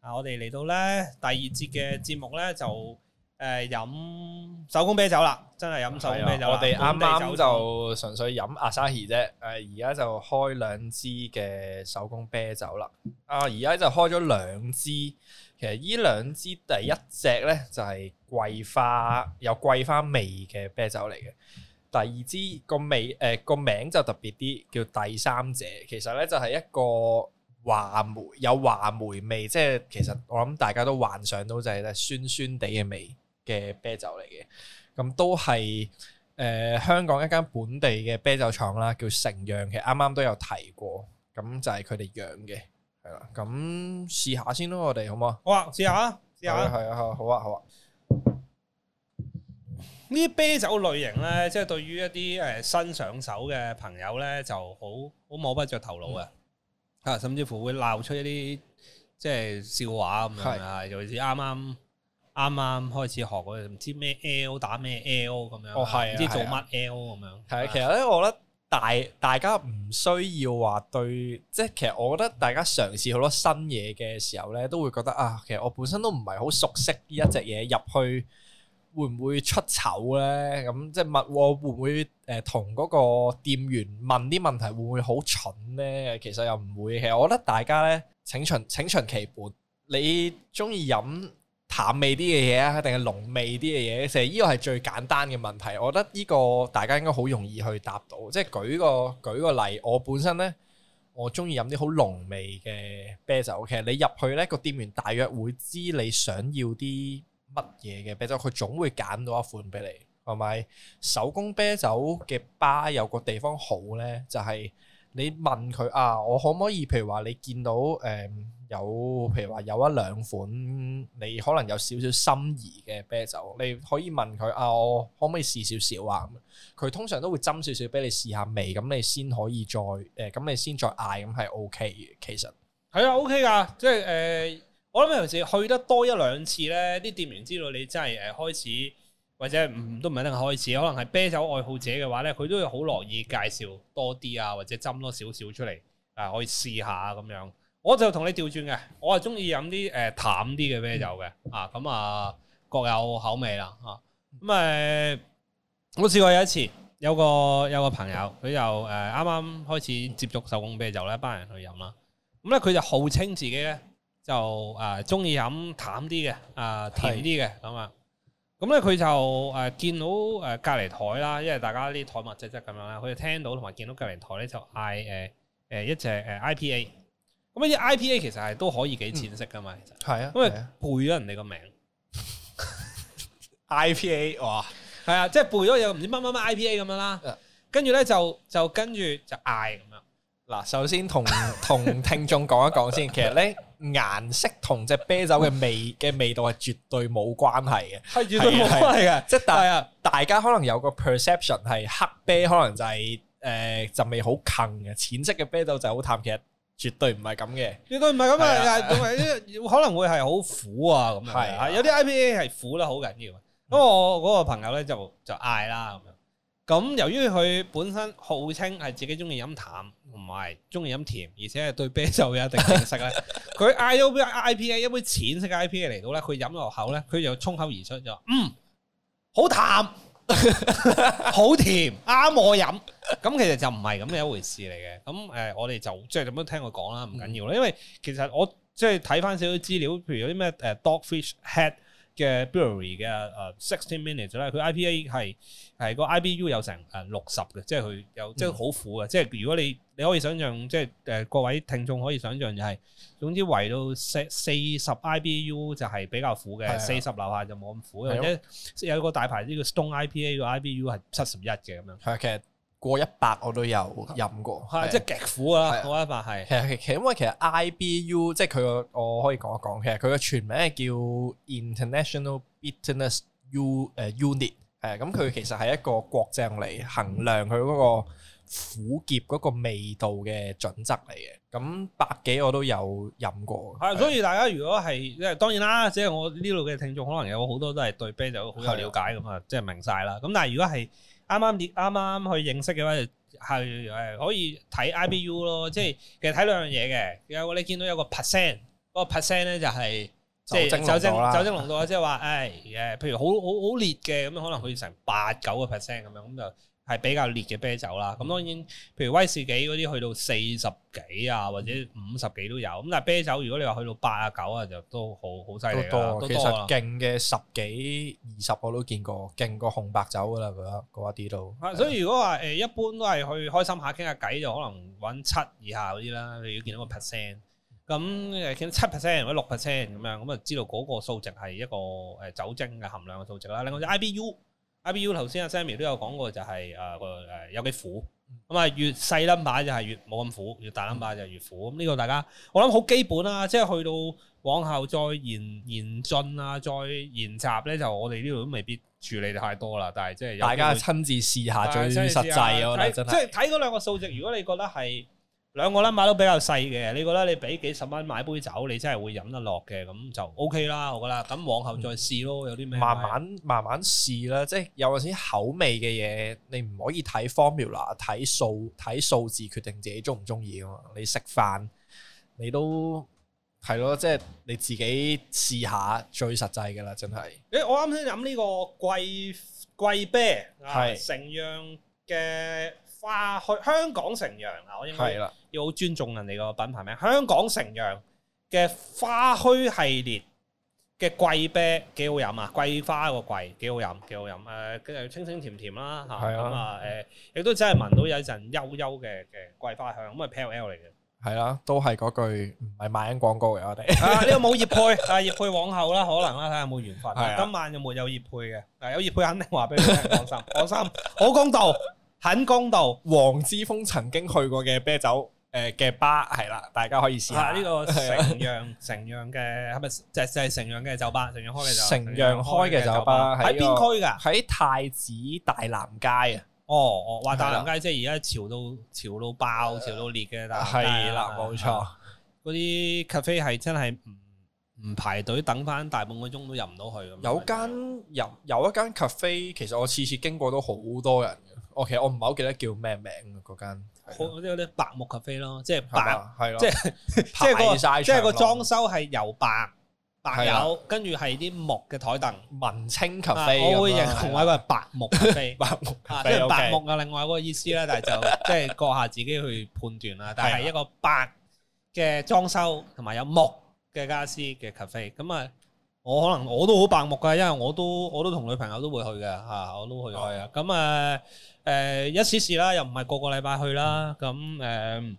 啊！我哋嚟到咧第二節嘅節目咧，就誒飲、呃、手工啤酒啦，真係飲手工啤酒。我哋啱啱就純粹飲 Asahi 啫，誒而家就開兩支嘅手工啤酒啦、呃。啊，而家就開咗兩支，其實呢兩支第一隻咧就係、是、桂花有桂花味嘅啤酒嚟嘅，第二支個味誒個、呃、名就特別啲，叫第三者，其實咧就係、是、一個。話梅有話梅味，即係其實我諗大家都幻想到就係咧酸酸地嘅味嘅啤酒嚟嘅，咁都係誒、呃、香港一間本地嘅啤酒廠啦，叫成釀嘅，啱啱都有提過，咁就係佢哋釀嘅，係啦，咁試下先咯，我哋好唔好啊？好啊，試下，試下，係啊，好啊，好啊。呢啲啤酒類型咧，即、就、係、是、對於一啲誒新上手嘅朋友咧，就好好摸不着頭腦嘅。嗯啊！甚至乎會鬧出一啲即係笑話咁樣啊，尤其是啱啱啱啱開始學嗰啲唔知咩 L 打咩 L 咁樣、哦，唔、啊、知做乜 L 咁樣、啊。係啊，啊，其實咧，我覺得大大家唔需要話對，即、就、係、是、其實我覺得大家嘗試好多新嘢嘅時候咧，都會覺得啊，其實我本身都唔係好熟悉呢一隻嘢入去。會唔會出醜呢？咁即係問我會唔會誒同嗰個店員問啲問題會唔會好蠢呢？其實又唔會。其實我覺得大家呢，請循請循其本，你中意飲淡味啲嘅嘢啊，定係濃味啲嘅嘢？其實呢個係最簡單嘅問題。我覺得呢個大家應該好容易去答到。即係舉個舉個例，我本身呢，我中意飲啲好濃味嘅啤酒。OK？其實你入去呢，個店員大約會知你想要啲，乜嘢嘅啤酒佢總會揀到一款俾你，係咪？手工啤酒嘅巴有個地方好呢，就係、是、你問佢啊，我可唔可以？譬如話你見到誒、呃、有，譬如話有一兩款你可能有少少心儀嘅啤酒，你可以問佢啊，我可唔可以試少少啊？佢通常都會斟少少俾你試下味，咁你先可以再誒，咁、呃、你先再嗌咁係 OK 嘅，其實係啊 OK 噶，即係誒。呃我諗有時去得多一兩次咧，啲店員知道你真係誒開始，或者唔、嗯、都唔一定開始，可能係啤酒愛好者嘅話咧，佢都會好樂意介紹多啲啊，或者斟多少少出嚟啊，可以試下咁樣。我就同你調轉嘅，我係中意飲啲誒淡啲嘅啤酒嘅啊，咁啊各有口味啦啊。咁、啊、誒，我試過有一次，有個有個朋友佢就誒啱啱開始接觸手工啤酒咧，一班人去飲啦。咁咧佢就號稱自己咧。就誒，中意飲淡啲嘅，啊甜啲嘅咁啊，咁咧佢就誒見到誒隔籬台啦，因為大家啲台密質質咁樣啦，佢就聽到同埋見到隔籬台咧就嗌誒誒一隻誒 IPA，咁呢啲 IPA 其實係都可以幾淺色噶嘛，其實係啊，咁啊背咗人哋個名，IPA 哇，係啊，即係背咗又唔知乜乜乜 IPA 咁樣啦，跟住咧就就跟住就嗌咁樣。嗱，首先同同聽眾講一講先，其實咧顏色同隻啤酒嘅味嘅味道係絕對冇關係嘅，係絕對冇關係嘅。即係大家可能有個 perception 係黑啤可能就係誒陣味好近嘅，淺色嘅啤酒就好淡。其實絕對唔係咁嘅，絕對唔係咁嘅。同埋可能會係好苦啊，咁樣，係有啲 IPA 係苦得好緊要。咁我嗰個朋友咧就就嗌啦。咁由於佢本身號稱係自己中意飲淡，同埋中意飲甜，而且係對啤酒有一定認識咧，佢 I O P I P 嘅一杯淺色 IPA 嚟到咧，佢飲落口咧，佢就衝口而出咗，嗯，好淡， 好甜，啱我飲。咁其實就唔係咁嘅一回事嚟嘅。咁誒，我哋就即係咁樣聽我講啦，唔緊要啦。因為其實我即係睇翻少少資料，譬如有啲咩誒 Dogfish Head。嘅 brewery 嘅誒 sixteen minutes 啦，佢 IPA 係係個 IBU 有成誒六十嘅，即係佢有即係好苦嘅。即係如果你你可以想象，即係誒各位聽眾可以想象就係、是、總之圍到四四十 IBU 就係比較苦嘅，四十樓下就冇咁苦。的或者有個大牌呢、這個 Stone IPA 個 IBU 係七十一嘅咁樣。係嘅。過一百我都有飲過，係的的即係極苦啦。的過一百係，其實其實因為其實 IBU 即係佢個我可以講一講，其實佢個全名叫 International Bitterness U 誒 Unit，係咁佢其實係一個國證嚟衡量佢嗰個苦澀嗰個味道嘅準則嚟嘅。咁百幾我都有飲過，係。所以大家如果係即係當然啦，即、就、係、是、我呢度嘅聽眾可能有好多都係對啤酒好有了解咁啊，的即係明晒啦。咁但係如果係，啱啱啱啱去認識嘅話，係誒可以睇 IBU 咯，即係其實睇兩樣嘢嘅。有你見到有個 percent，嗰、那個 percent 咧就係、是、即係酒精濃度啦。即係話誒，譬如好好好烈嘅咁，可能佢成八九個 percent 咁樣咁就。係比較烈嘅啤酒啦，咁當然，譬如威士忌嗰啲去到四十幾啊，或者五十幾都有。咁但係啤酒，如果你話去到八啊九啊，就都好好犀利啦。多其實勁嘅十幾二十我都見過，勁過紅白酒噶啦，嗰一啲都。所以如果話誒，一般都係去開心下傾下偈，就可能揾七以下嗰啲啦。你如果見到個 percent，咁見到七 percent 或者六 percent 咁樣，咁啊知道嗰個數值係一個誒酒精嘅含量嘅數值啦。另外就 IBU。Ibu 頭先阿 Sammy 都有講過，就係，就係誒個誒有幾苦，咁、嗯、啊、嗯嗯、越細 number 就係越冇咁苦，越大 number 就越苦。咁呢，嗯、個大家我諗好基本啦，啊，即、就、係、係、去到往後再延延進啊，再延集咧，就我哋呢度都未必處理太多啦。但係即係大家親自試下最實際啊。嘗嘗我真係。即係睇嗰兩個數值，如果你覺得係。兩個粒碼都比較細嘅，你覺得你俾幾十蚊買杯酒，你真係會飲得落嘅，咁就 OK 啦，我覺得。咁往後再試咯，嗯、有啲咩慢慢慢慢試啦，即係有陣時口味嘅嘢，你唔可以睇 formula，睇數、睇數字決定自己中唔中意噶嘛。你食飯，你都係咯，即係你自己試下最實際噶啦，真係。誒、欸，我啱先飲呢個貴貴啤，係是、啊、成陽嘅花去香港成陽啊，我應該係啦。要好尊重人哋個品牌名，香港城陽嘅花墟系列嘅桂啤幾好飲啊！桂花個桂幾好飲，幾好飲誒，跟、呃、住清清甜甜啦嚇，咁啊誒，亦、啊嗯嗯、都真係聞到有一陣幽幽嘅嘅桂花香，咁係 PLL 嚟嘅，係啦、啊，都係嗰句唔係賣緊廣告嘅我哋，呢個冇業配，但、啊、業配往後啦，可能啦，睇下有冇緣分。啊、今晚有冇有業配嘅，但有業配肯定話俾你聽， 放心，放心，好公道，很公道。黃之峰曾經去過嘅啤酒。誒嘅巴，係啦，大家可以試下呢、啊呢個城陽城陽嘅，係咪 就就係城陽嘅酒吧？城陽開嘅城陽開嘅酒吧喺邊區㗎？喺太子大南街啊！哦哦，哇！大南街了即係而家潮到潮到爆，潮到裂嘅，但係係啦，冇錯。嗰啲 cafe 係真係唔唔排隊等翻大半個鐘都入唔到去咁。有間入有，有一間 cafe，其實我次次經過都好多人嘅。我其實我唔係好記得叫咩名啊，嗰間。好嗰，啲啲白木咖啡咯，即係白，即係、那個、長即係個即係個裝修係由白白有，跟住係啲木嘅台凳，文青咖啡。我會認同一個係，白木咖啡， 白木咖啡，即白木嘅另外一個意思咧， 但係就即係閣下自己去判斷啦。但係一個白嘅裝修同埋有木嘅家私嘅咖啡咁啊。我可能我都好白目噶，因為我都我都同女朋友都會去嘅，吓我都去。係啊、嗯，咁誒誒，一時時啦，又唔係個個禮拜去啦，咁誒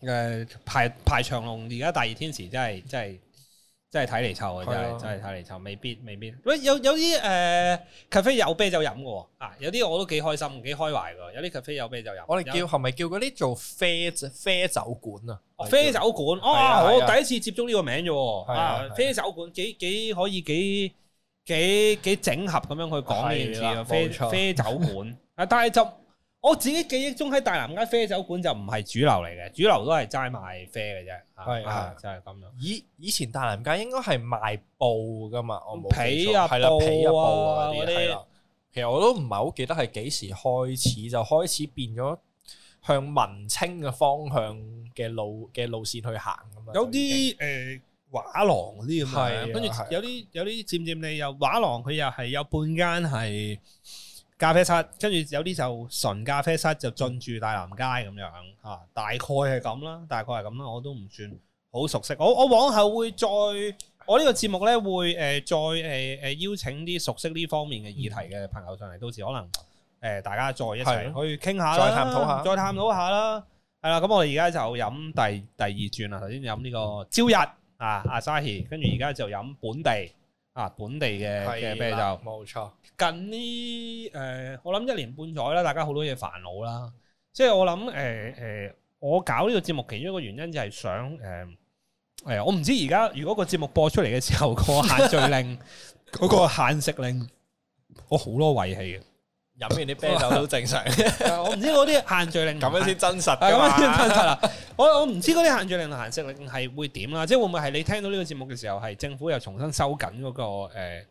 誒排排長龍，而家大熱天時真係真係。真係睇嚟臭是啊！真係真係睇嚟臭，未必未必。喂，有有啲誒、呃、咖啡，咖啡有啤酒飲嘅喎，啊有啲我都幾開心幾開懷嘅，有啲咖啡，咖啡有啤酒飲。我哋叫係咪叫嗰啲做啡啡酒館啊？啡酒館啊！我第一次接觸呢個名啫喎，是啊，是啊啡酒館幾幾可以幾幾幾整合咁樣去講呢件事啊？啡酒館啊，但係就。我自己記憶中喺大南街啡酒館就唔係主流嚟嘅，主流都係齋賣啡嘅啫。係啊，就係咁樣。以以前大南街應該係賣布㗎嘛，我冇記錯。係啦、啊啊啊，皮啊布嗰啲。係啦些、啊，其實我都唔係好記得係幾時開始就開始變咗向文青嘅方向嘅路嘅路線去行咁啊。有啲誒畫廊嗰啲咁啊，跟住、啊、有啲有啲漸漸你又畫廊佢又係有半間係。咖啡室，跟住有啲就純咖啡室就進駐大南街咁樣嚇、啊，大概係咁啦，大概係咁啦，我都唔算好熟悉。我我往後會再，我呢個節目咧會誒、呃、再誒誒、呃、邀請啲熟悉呢方面嘅議題嘅朋友上嚟，到時可能誒、呃、大家再一齊去傾下，下再探討下，嗯、再探討下啦。係啦、嗯，咁我哋而家就飲第第二轉啦，頭先飲呢個朝日啊，阿、啊、沙士，跟住而家就飲本地。啊！本地嘅嘅的啤酒，冇錯。近呢誒、呃，我諗一年半載啦，大家好多嘢煩惱啦。即係我諗誒誒，我搞呢個節目其中一個原因就係想誒，係、呃呃、我唔知而家如果個節目播出嚟嘅時候、嗰個限聚令嗰 個限食令、嗰個、令，我好多胃氣嘅。飲完啲啤酒都正常、 啊，我唔知嗰啲限聚令咁樣先真實㗎嘛。我我唔知嗰啲限聚令同、 啊、限食令係會點啦、啊，即係會唔會係你聽到呢個節目嘅時候，係政府又重新收緊嗰、嗰個誒、呃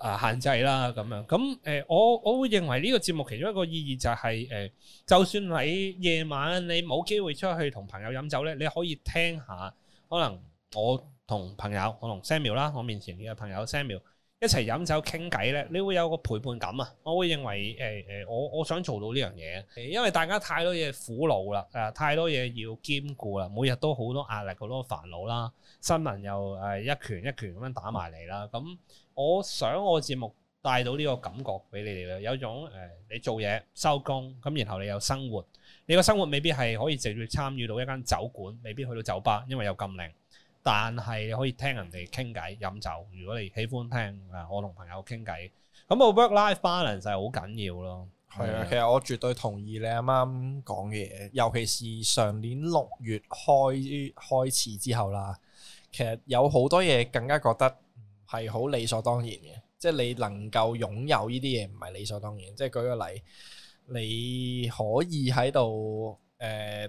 呃、限制啦咁樣。咁誒、呃，我我會認為呢個節目其中一個意義就係、係、誒、呃，就算喺夜晚你冇機會出去同朋友飲酒咧，你可以聽下，可能我同朋友我同 Samuel 啦，我面前嘅朋友 Samuel。一齊飲酒傾偈咧，你會有個陪伴感啊！我會認為誒誒、呃呃，我我想做到呢樣嘢，因為大家太多嘢苦惱啦，誒、呃、太多嘢要兼顧啦，每日都好多壓力好多煩惱啦，新聞又誒、呃、一拳一拳咁樣打埋嚟啦。咁、嗯、我想我嘅節目帶到呢個感覺俾你哋啦，有種誒、呃、你做嘢收工，咁然後你有生活，你個生活未必係可以直接參與到一間酒館，未必去到酒吧，因為有禁令。但係可以聽人哋傾偈飲酒，如果你喜歡聽誒，我同朋友傾偈，咁、那、啊、個、work life balance 就係好緊要咯。係啊、嗯，其實我絕對同意你啱啱講嘅嘢，尤其是上年六月開開始之後啦，其實有好多嘢更加覺得係好理所當然嘅，即係你能夠擁有呢啲嘢唔係理所當然。即係舉個例，你可以喺度誒，呃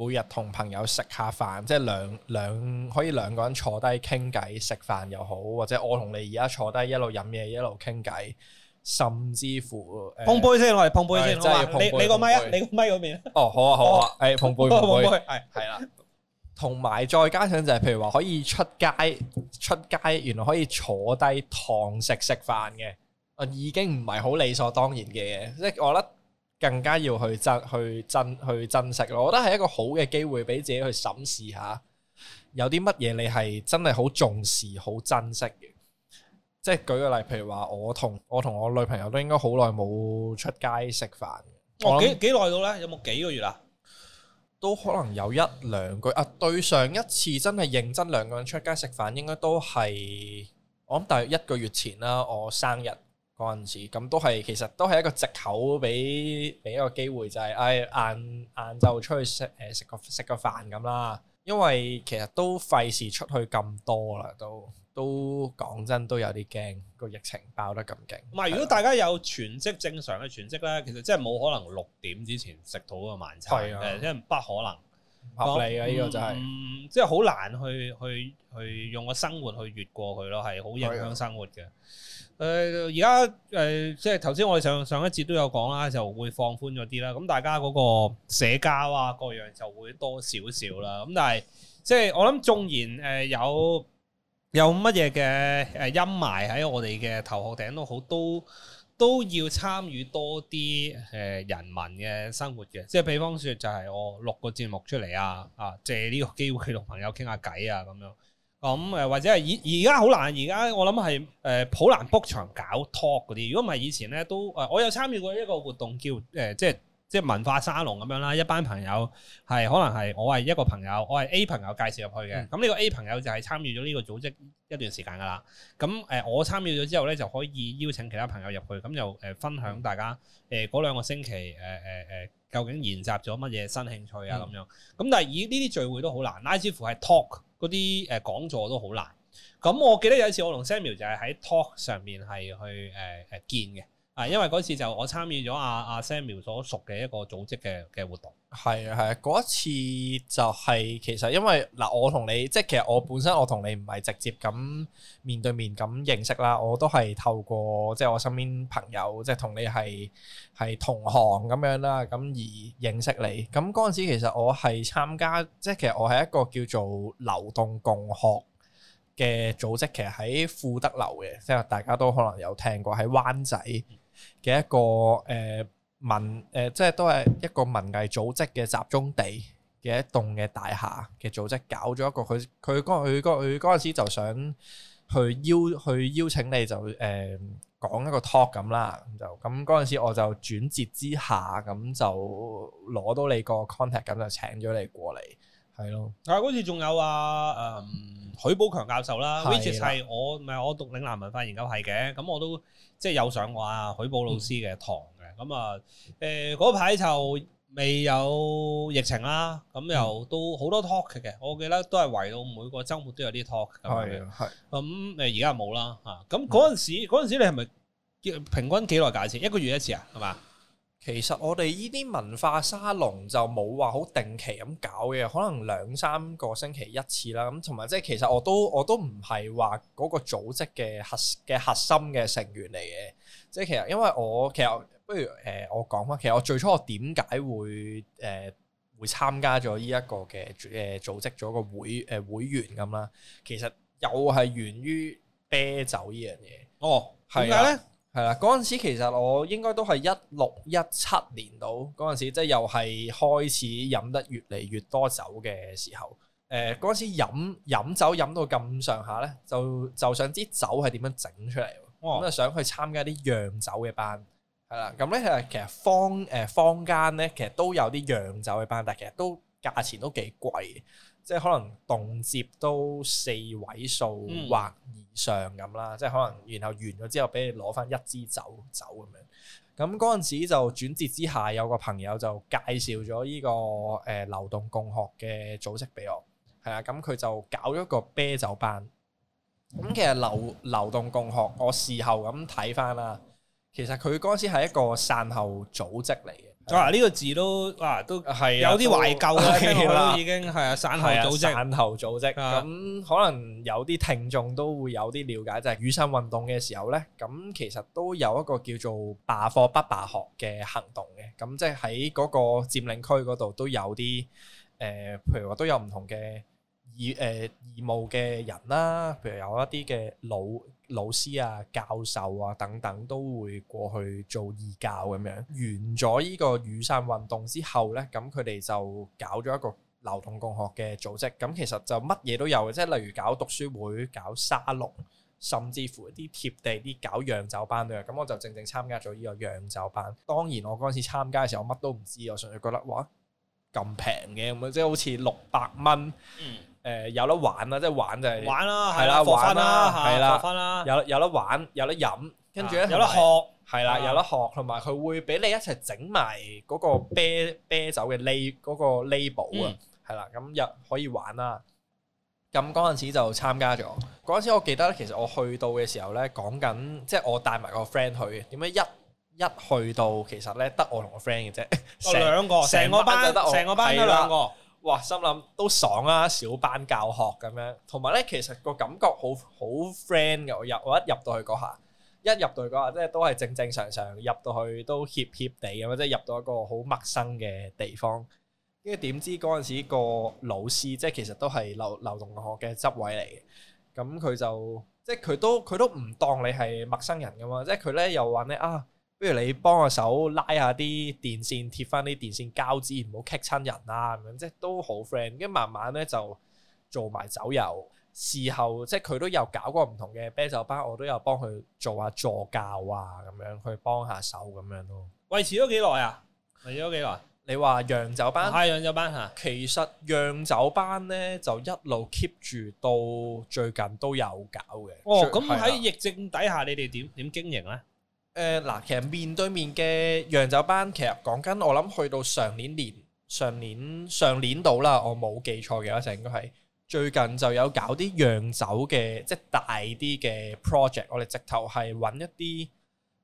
每日同朋友食下飯，即係兩兩可以兩個人坐低傾偈食飯又好，或者我同你而家坐低一路飲嘢一路傾偈，甚至乎碰杯先，我嚟碰杯先，即係你你個咪啊，你個咪嗰邊哦，好啊，好啊，係碰杯碰杯，係係啦。同埋再加上就係、是、譬如話可以出街出街，原來可以坐低堂食食飯嘅，啊已經唔係好理所當然嘅嘢。即係我覺得。更加要去珍去珍去珍惜咯，我覺得係一個好嘅機會，俾自己去審視下，有啲乜嘢你係真係好重視、好珍惜嘅。即係舉個例，譬如話，我同我同我女朋友都應該好耐冇出街食飯嘅。我幾耐到呢？有冇幾個月啊？都可能有一兩句啊！對上一次真係認真兩個人出街食飯，應該都係我諗，大約一個月前啦，我生日。嗰陣時，咁都係其實都係一個藉口，俾俾一個機會，就係誒晏晏晝出去食誒食個食個飯咁啦。因為其實都費事出去咁多啦，都都講真都有啲驚個疫情爆得咁勁。唔係，如果大家有全職正常嘅全職咧，其實真係冇可能六點之前食到個晚餐，誒的，因為不可能不合理嘅呢那、嗯、個就係、是，即係好難去去去，去用個生活去越過佢咯，係好影響生活嘅。誒而家誒即係頭先我哋上上一節都有講啦，就會放寬咗啲啦，咁大家嗰個社交啊各樣就會多少少啦。咁但係即係我諗，縱然誒有有乜嘢嘅誒陰霾喺我哋嘅頭殼頂都好，都都要參與多啲誒、呃、人民嘅生活嘅。即係比方說，就係我錄個節目出嚟啊，啊借呢個機會同朋友傾下偈啊，咁樣。咁誒或者係而而家好難，而家我諗係誒好難 book 場搞 talk 嗰啲。如果唔係以前咧，都誒我有參與過一個活動叫誒即係即係文化沙龍咁樣啦。一班朋友係可能係我係一個朋友，我係 A 朋友介紹入去嘅。咁呢、嗯嗯呢個 A 朋友就係參與咗呢個組織一段時間噶啦。咁誒我參與咗之後咧，就可以邀請其他朋友入去，咁就誒分享大家誒嗰兩個星期誒誒誒究竟研習咗乜嘢新興趣啊咁樣。咁但係以呢啲聚會都好難，乃至乎係 talk。嗰啲誒講座都好難，咁我記得有一次我同 Samuel 就係喺 talk 上面係去誒誒、呃、見嘅。啊，因為嗰次就我參與咗阿阿 Samuel 所屬嘅一個組織嘅嘅活動，係啊係啊，嗰一次就係其實因為嗱，我同你即係其實我本身我同你唔係直接咁面對面咁認識啦，我都係透過即係我身邊朋友即係同你係係同行咁樣啦，咁而認識你咁嗰陣時，嗯、其實我係參加即係其實我係一個叫做流動共學嘅組織，其實喺富德樓嘅，即係大家都可能有聽過喺灣仔。嗯嘅一個誒、呃、文誒、呃，即係都係一個文藝組織嘅集中地嘅一棟嘅大廈嘅組織，搞咗一個佢佢嗰佢嗰佢嗰陣時就想去邀去邀請你就誒、呃、講一個 talk 咁啦，就咁嗰陣時我就轉接之下咁就攞到你個 contact 咁就請咗你過嚟，係咯。啊，嗰次仲有啊，嗯。許寶強教授啦，which 係我唔係我讀嶺南文化研究系嘅，咁我都即係有上過啊許寶老師嘅堂嘅，咁啊誒嗰排就未有疫情啦，咁、嗯嗯、又都好多 talk 嘅，我記得都係圍到每個周末都有啲 talk 咁樣的，係咁誒而家冇啦嚇，咁嗰陣時嗰、嗯、你係咪平均幾耐一次？一個月一次啊，係嘛？其實我哋呢啲文化沙龍就冇話好定期咁搞嘅，可能兩三個星期一次啦。咁同埋即係，其實我都我都唔係話嗰個組織嘅核嘅核心嘅成員嚟嘅。即係其實，因為我其實不如誒我講翻，其實我最初我點解會誒會參加咗呢一個嘅誒組織咗個會誒會員咁啦？其實又係源於啤酒呢樣嘢。哦，係點解咧？係啦，嗰陣時其實我應該都係一六一七年到嗰陣時，即係又係開始飲得越嚟越多酒嘅時候。誒、呃，嗰陣時飲，飲酒飲到咁上下咧，就就想知酒係點樣整出嚟，咁就、哦、想去參加啲釀酒嘅班。係啦，咁咧其實坊誒坊間咧，其實都有啲釀酒嘅班，但係其實都價錢都幾貴嘅。即係可能動接都四位數、嗯、或以上咁啦，即係可能然後完咗之後，俾你攞翻一支酒走咁樣。咁嗰陣時就轉折之下，有個朋友就介紹咗呢、呢個誒、呃、流動共學嘅組織俾我。係啊，咁佢就搞咗個啤酒班。咁其實流流動共學，我事後咁睇翻啦，其實佢嗰陣時係一個散後組織嚟嘅。嗱呢、啊呢個字都嗱、啊、都係、啊、有啲懷舊嘅的已經係啊傘後組織，傘後組織咁的可能有啲聽眾都會有啲了解，就係、是、雨傘運動嘅時候咧，咁其實都有一個叫做罷課不罷學嘅行動嘅，咁即係喺嗰個佔領區嗰度都有啲誒、呃，譬如話都有唔同嘅義誒、呃、義務嘅人啦，譬如有一啲嘅老。老師啊、教授啊等等都會過去做義教咁樣。完咗呢個雨傘運動之後呢，咁佢哋就搞咗一個流動共學嘅組織。咁其實就乜嘢都有嘅，即係例如搞讀書會、搞沙龍，甚至乎一啲貼地啲搞釀酒班咁樣。咁我就正正參加咗呢個釀酒班。當然我嗰陣時參加嘅時候，我乜都唔知，我純粹覺得哇咁平嘅，咁即係好似六百蚊。嗯誒有得玩啦，即係玩就係玩啦，係啦，玩啦，係啦，啦，有有得玩，有得飲，跟住咧有得學，係啦，有得學，同埋佢會俾你一齊整埋嗰個啤啤酒嘅 label 啊，係啦，咁又可以玩啦。咁嗰陣時就參加咗，嗰陣時我記得其實我去到嘅時候咧，講緊即係我帶埋個 friend 去嘅，點解一一去到其實咧得我同個 friend 嘅啫，成個成個班得。成個班得兩個。哇！心諗都爽啦、啊，小班教學咁樣，同埋咧其實個感覺好好 friend 嘅。我入我一入到去嗰下，一入到去嗰下，即係都係正正常常入到去都怯怯地咁樣，即係入到一個好陌生嘅地方。跟住點知嗰陣時個老師即係其實都係流流動學嘅執位嚟嘅，咁佢就即係佢都佢都唔當你係陌生人噶嘛，即係佢咧又話咧啊～不如你幫下手拉下啲電線，貼翻啲電線膠紙，唔好棘親人啦、啊，咁樣即係都好 friend。跟住慢慢咧就做埋酒友，事後即係佢都有搞過唔同嘅啤酒班，我都有幫佢做下助教啊，咁樣去幫下手咁樣咯。維持咗幾耐啊？維持咗幾耐？你話洋酒班係、啊、洋酒班吓、啊，其實洋酒班咧就一路 keep 住到最近都有搞嘅。哦，咁喺以、哦、疫症底下，是啊、你哋點點經營咧？誒嗱、呃，其實面對面嘅釀酒班，其實講緊我諗去到上年年上年上年度啦，我冇記錯嘅話，應該係最近就有搞啲釀酒嘅，即係大啲嘅 project。我哋直頭係揾一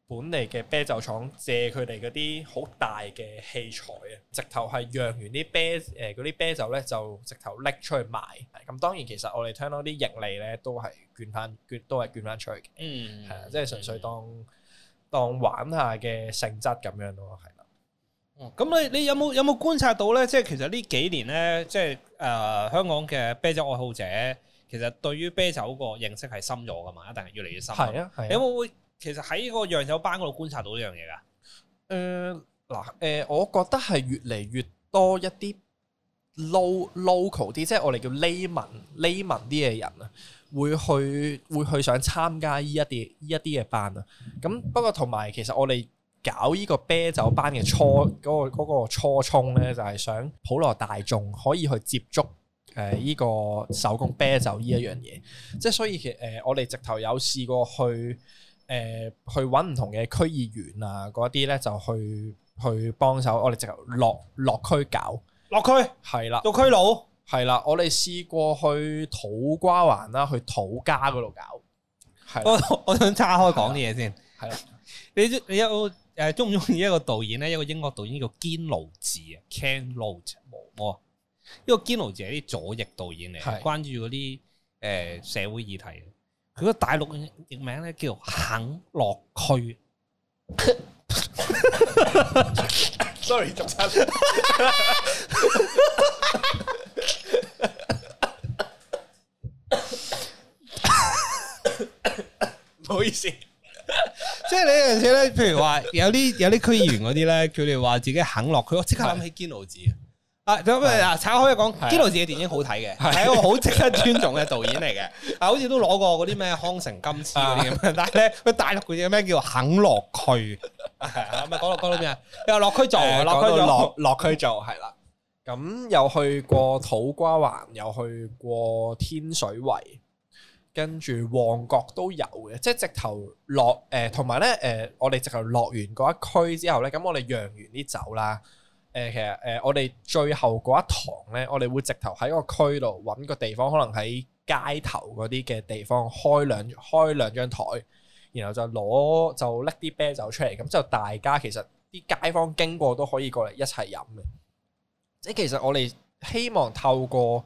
啲本地嘅啤酒廠借佢哋嗰啲好大嘅器材啊，直頭係釀完啲啤誒嗰啲啤酒呢就直頭拎出去賣。咁當然其實我哋聽到啲盈利呢都係捐翻，捐都係捐翻出去嘅。嗯，係啊，即係純粹當，嗯當玩下嘅性質咁樣咯，係啦。嗯，咁你你有冇有冇觀察到咧？即係其實呢幾年咧，即係誒、呃、香港嘅啤酒愛好者，其實對於啤酒個認識係深咗噶嘛，一定係越嚟越深。係啊，係。有冇會其實喺個釀酒班嗰度觀察到呢樣嘢啊？誒嗱誒，我覺得係越嚟越多一啲 low local 啲，即、就、係、是、我哋叫 layman layman 啲嘅人啊。會去會去想參加呢一啲依一啲嘅班啊，咁不過同埋其實我哋搞呢個啤酒班嘅初、嗰個、嗰個初衷呢就係、是、想普羅大眾可以去接觸誒依個手工啤酒呢一樣嘢，即係所以其實、呃、我哋直頭有試過去誒、呃、去搵唔同嘅區議員啊嗰啲呢，就去去幫手，我哋直頭落落區搞落區，係啦，做區佬。了係啦，我哋試過去土瓜灣啦，去土家嗰度搞。係，我想叉開講啲嘢先。係啦，你你有誒、啊、中唔中意一個導演咧？一個英國導演叫堅盧治啊，Ken Loach。冇，呢個堅盧治係啲左翼導演嚟，的關注嗰啲誒社會議題。佢個大陸譯名咧叫做肯樂區。 Sorry，交 唔好意思， 即係你有陣時咧。譬如話有啲有啲區議員嗰啲咧，佢哋話自己肯落區，我即刻諗起堅盧治啊。咁的啊，炒開講堅盧治嘅電影好睇嘅，係的一個好值得尊重嘅導演嚟嘅。 啊，好似都攞過嗰啲咩康城金超嗰啲咁，但係咧，佢大陸叫咩叫做肯落區？係咪講落講到邊啊？又落區做，落區 做，落區 做，係啦。咁、嗯、又去過土瓜灣，又去過天水圍。跟住旺角都有嘅，即係直頭落誒，同、呃、埋呢，誒、呃，我哋直頭落完嗰一區之後呢，咁我哋釀完啲酒啦。誒、呃，其實誒、呃，我哋最後嗰一堂呢，我哋會直頭喺個區度揾個地方，可能喺街頭嗰啲嘅地方開兩開兩張台，然後就攞就拎啲啤酒出嚟，咁就大家其實啲街坊經過都可以過嚟一齊飲嘅。即係其實我哋希望透過。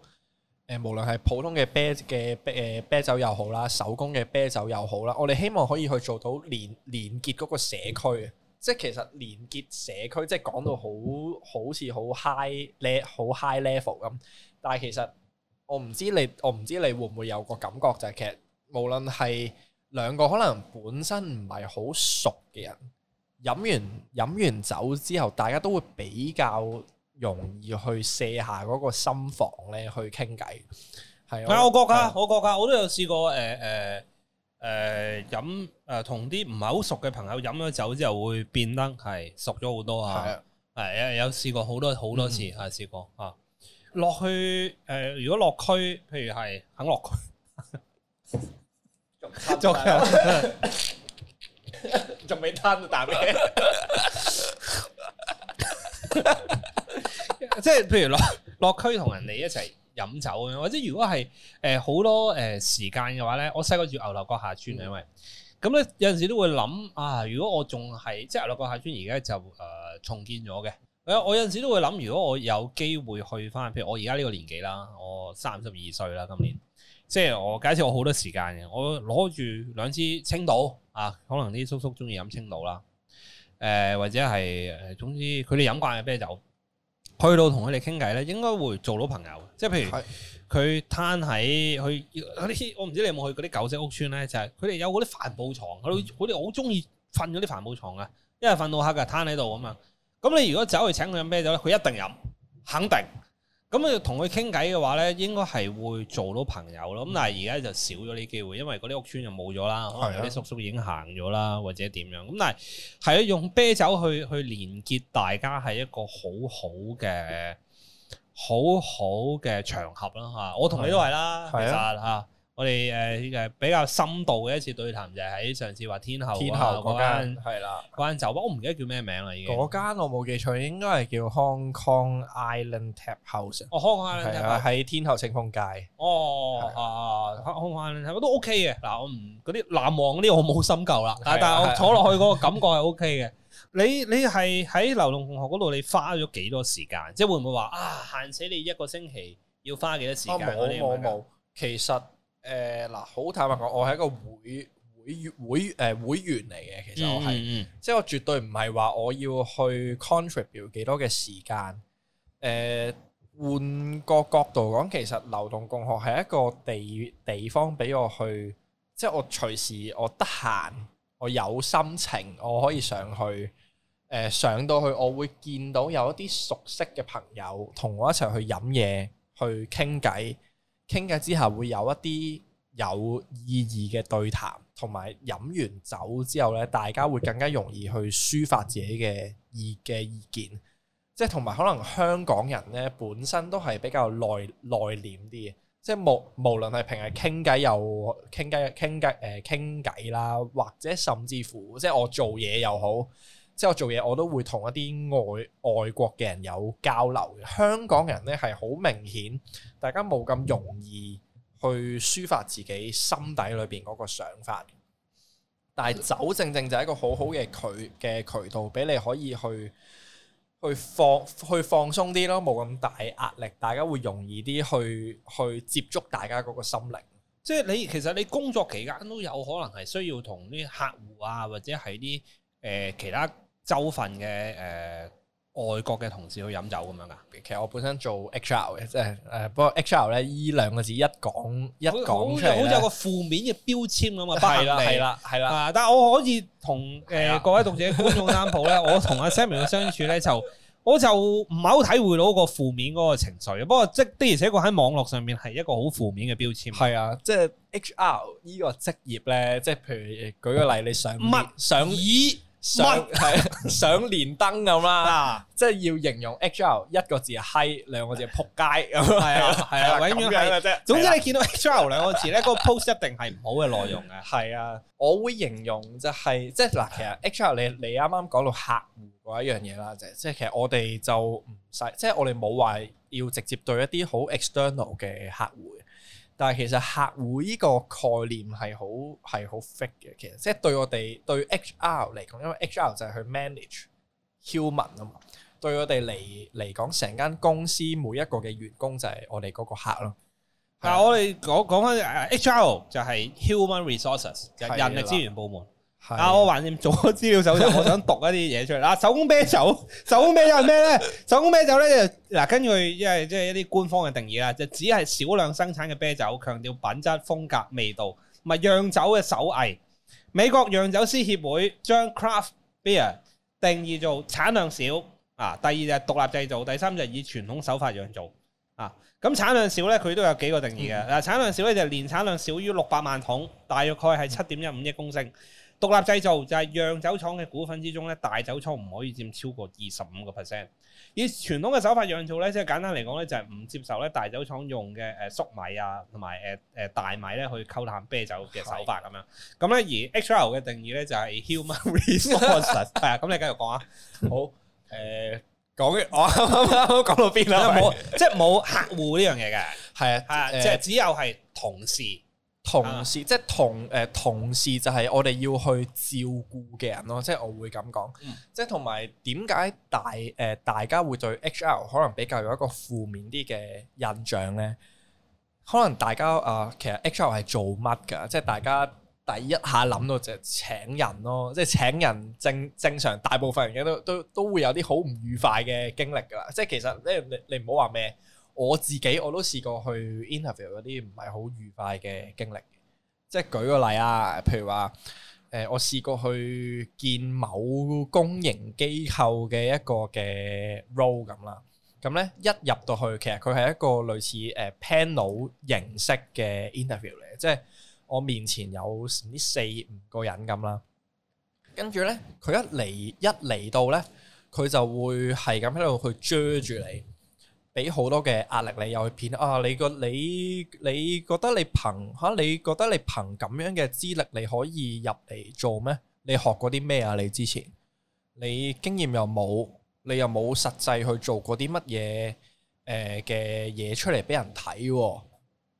誒，無論係普通嘅啤嘅啤酒又好啦，手工嘅啤酒又好啦，我哋希望可以去做到連連結嗰個社區，即係其實連結社區，即係講到好好似好 high level，好 high level 咁。但係其實我唔知你，我唔知你會唔會有個感覺，就係其實無論係兩個可能本身唔係好熟嘅人，飲完飲完酒之後，大家都會比較。容易去卸下嗰個心房咧，去傾偈。係啊，我覺啊的，我覺啊，我都有試過誒誒誒飲誒同啲唔係好熟嘅朋友飲咗酒之後會變得係熟咗好多的啊，係啊，有有試過好多好多次係、嗯、試過啊，落去誒、呃，如果落區，譬如係肯落區，仲 仲未 攤到大咩？即係譬如落落區同人哋一齊飲酒啊，或者如果係誒好多誒、呃、時間嘅話咧，我細個住牛頭角下村、嗯、因為啊，咁咧有陣時都會諗啊，如果我仲係即係牛頭角下村而家就誒、呃、重建咗嘅、呃，我我有陣時都會諗，如果我有機會去翻，譬如我而家呢個年紀啦，我三十二歲啦，今年即係我假設我好多時間嘅，我攞住兩支青島啊，可能啲叔叔中意飲青島啦，誒、啊、或者係總之佢哋飲慣嘅啤酒。去到同佢哋傾偈咧，應該會做到朋友。即係譬如佢攤喺佢嗰啲，我唔知你有冇去嗰啲舊式屋邨咧，就係佢哋有嗰啲帆布床，佢佢哋好中意瞓嗰啲帆布床噶，因為瞓到黑㗎，攤喺度咁樣。咁你如果走去請佢飲啤酒咧，佢一定飲，肯定。咁我同佢傾偈嘅話咧，應該係會做到朋友咯。咁但係而家就少咗啲機會，因為嗰啲屋邨就冇咗啦，可能啲叔叔已經行咗啦，或者點樣。咁但係係用啤酒去去連結大家，係一個好好嘅好好嘅場合啦嚇。我同你都係啦，的其實嚇。我哋誒比較深度嘅一次對談就係喺上次話天后天后嗰間係啦，嗰間酒吧，我唔記得叫咩名啦已經。嗰間我冇記錯，應該係叫 Hong Kong Island Tap House 哦。哦，Hong Kong Island Tap 喺的天后清風街。的哦啊，Hong Kong Island 都 OK 嘅。嗱，我唔嗰啲難忘嗰啲，我冇深究啦。的但係我坐落去嗰個感覺係 OK 嘅。你你係喺流浪同學嗰度，你花咗幾多時間？即係會唔會話啊，限死你一個星期要花幾多時間？我冇冇。其實。誒嗱，好、呃、坦白講，我係一個會會會誒、呃、會員嚟嘅。其實我係，嗯、即係我絕對唔係話我要去 contribute 幾多嘅時間。誒、呃，換個角度講，其實流動共學係一個地地方俾我去，即係我隨時我得閒，我有心情，我可以上去。誒、呃，上到去我會見到有一啲熟悉嘅朋友同我一齊去飲嘢，去傾偈。傾偈之後會有一啲有意義嘅對談，同埋飲完酒之後咧，大家會更加容易去抒發自己嘅意嘅意見。即係同埋可能香港人咧本身都係比較內內斂啲嘅，即係無無論係平日傾偈又傾偈傾偈誒傾偈啦，或者甚至乎即係我做嘢又好。之後做嘢，我都會同一啲外外國嘅人有交流嘅。香港人呢係，好明顯，大家冇咁容易去抒發自己心底裏邊嗰個想法。但係酒正正就係一個好好嘅渠嘅渠道，俾你可以去去放去放鬆啲咯，冇咁大壓力，大家會容易啲去去接觸大家嗰個心靈。即係你其實你工作期間都有可能係需要同啲客戶啊，或者係啲誒其他。洲份嘅誒、呃、外國嘅同事去飲酒咁樣噶，其實我本身做 H R 嘅，即係誒，不過 H R 咧呢兩個字一講一講出嚟好似有個負面嘅標籤咁啊，不合係啦係啦係啦，但係我可以同誒、呃、的各位讀者觀眾擔保咧，的我同阿 Sammy 嘅相處咧，就是、我就唔係好體會到個負面嗰個情緒，不過即的而且確喺網絡上面係一個好負面嘅標籤的。係啊、嗯，即係 H R 呢個職業咧，即係譬如舉個例，你上乜上 以？上係啊，想連登咁啦，即係要形容 HR 一個字係，兩個字係撲街咁啊，係啊，咁 樣嘅啫。總之你見到 HR 兩個字咧，嗰 個 post 一定係唔好嘅內容嘅。係啊，啊我會形容就係、是、即係嗱，其實 HR 你你啱啱講到客戶嗰一樣嘢啦，即係即係其實我哋就唔使，即係我哋冇話要直接對一啲好 external 嘅客戶。但係其實客戶呢個概念係好係好 fit 嘅，其實即係對我哋對 HR 嚟講，因為 HR 就係去 manage human 啊嘛，對我哋嚟嚟講，成間公司每一個嘅員工就係我哋嗰個客咯。但係、啊、的我哋講講緊，HR 就係 human resources，就係人力資源部門。是啊！我懷念做咗資料搜集，我想讀一啲嘢出嚟。嗱、 啊，手工啤酒，手工啤酒係咩咧？ 手工啤酒咧就嗱，跟住因為即係一啲官方嘅定義啦，就只係少量生產嘅啤酒，強調品質、風格、味道，唔係釀酒嘅手藝。美國釀酒師協會將 craft beer 定義做產量少啊，第二就係獨立製造，第三就係以傳統手法釀造啊。咁產量少咧，佢都有幾個定義嘅。嗱、啊，產量少咧就係年產量少於六百萬桶，大概係七點一五億公升。嗯獨立製造就係釀酒廠嘅股份之中咧，大酒廠唔可以佔超過二十五個 percent。以傳統嘅手法釀造咧，即係簡單嚟講咧，就係唔接受咧大酒廠用嘅誒粟米啊，同埋誒誒大米咧去溝淡啤酒嘅手法咁樣的。咁咧而 H R 嘅定義咧就係 human resources。 係啊，咁你繼續講啊。好，誒講完 我啱啱講到邊啦？冇， 即係冇客戶呢樣嘢嘅，係的啊，係啊，即係只有係同事。同事即係同誒、呃、同事就係我哋要去照顧嘅人咯，即係我會咁講，嗯、即係同埋點解大誒、呃、大家會對 HR 可能比較有一個負面啲嘅印象咧？可能大家啊、呃，其實 HR 係做乜噶？即係大家第一下諗到就請人咯，即係請人正正常大部分人都都都會有啲好唔愉快嘅經歷噶啦。即係其實你你你唔好話咩，我自己我都試過去 interview 有啲唔係好愉快嘅經歷，即係舉個例啊，譬如話，誒，我試過去見某公營機構嘅一個嘅 role 咁啦，咁咧一入到去，其實佢係一個類似誒 panel 形式嘅 interview 嚟，即係我面前有唔知四五個人咁啦，跟住咧佢一嚟一嚟到咧，佢就會係咁喺度去 judge 住你。俾好多嘅壓力你又去騙啊！你個你你覺得你憑嚇、啊、你覺得你憑咁樣嘅資歷你可以入嚟做咩？你學過啲咩啊？你之前你經驗又冇，你又冇實際去做過啲乜嘢誒嘅嘢出嚟俾人睇喎、啊，